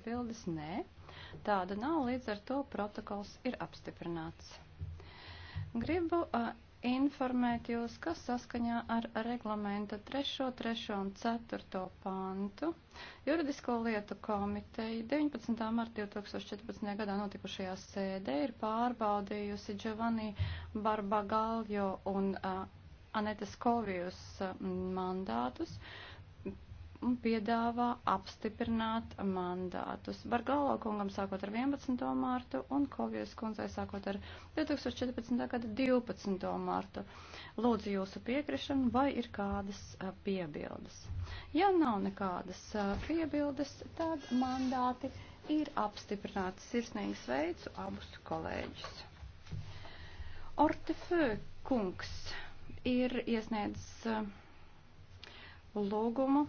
iebildes? Nē. Tāda nav, līdz ar to protokols ir apstiprināts. Gribu uh, informēt jūs, ka saskaņā ar reglamenta 3, 3 un 4 pantu juridisko lietu komiteja 19. marta 2014. gadā notikušajā sēdē ir pārbaudījusi Giovanni Barbagaljo un uh, Anetes Kovijus uh, mandātus un piedāvā apstiprināt mandātus. Bargalo kungam sākot ar 11. mārtu un Kovijas kundzei sākot ar 2014. gada 12. mārtu. Lūdzu jūsu piekrišanu, vai ir kādas piebildes. Ja nav nekādas piebildes, tad mandāti ir apstiprināti. Sirsnīgi sveicu abus kolēģus. Ortefē kungs ir iesniedzis lūgumu